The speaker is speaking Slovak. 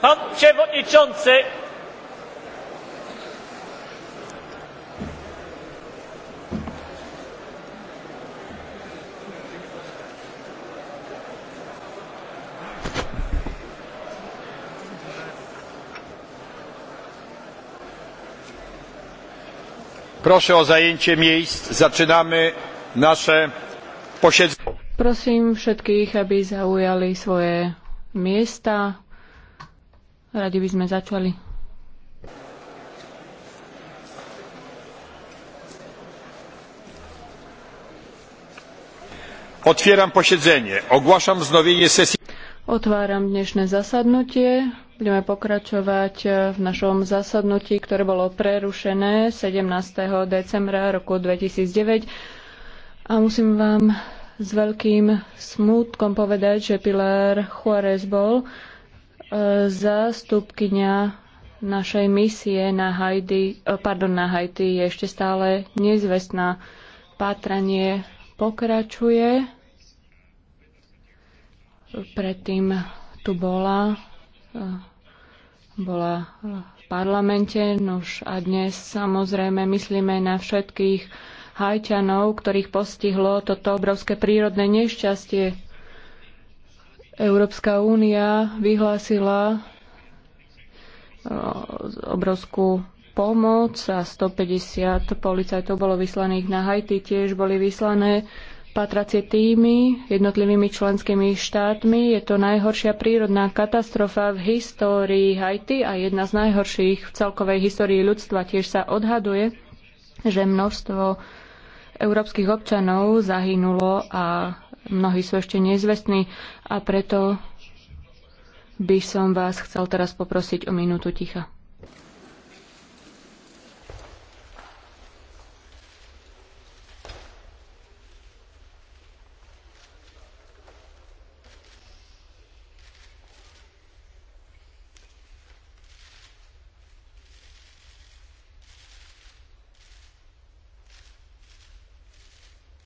Pan przewodniczący! Proszę o zajęcie miejsc. Zaczynamy nasze posiedzenie. Prosím všetkých, aby zaujali svoje miesta. Radi by sme začali. Otvieram posiedzenie. Ogłaszam znovenie sesie. Otváram dnešné zasadnutie. Budeme pokračovať e, v našom zasadnutí, ktoré bolo prerušené 17. decembra roku 2009. A musím vám s veľkým smútkom povedať, že Pilar Juarez bol zástupkynia našej misie na Haiti, eh, pardon, na Haiti je ešte stále nezvestná. Pátranie pokračuje. Predtým tu bola, eh, bola eh, v parlamente, nož a dnes samozrejme myslíme na všetkých Hajťanov, ktorých postihlo toto obrovské prírodné nešťastie Európska únia vyhlásila eh, obrovskú pomoc a 150 policajtov bolo vyslaných na Haiti, tiež boli vyslané patracie týmy jednotlivými členskými štátmi. Je to najhoršia prírodná katastrofa v histórii Haiti a jedna z najhorších v celkovej histórii ľudstva. Tiež sa odhaduje, že množstvo európskych občanov zahynulo a mnohí sú ešte nezvestní a preto by som vás chcel teraz poprosiť o minútu ticha.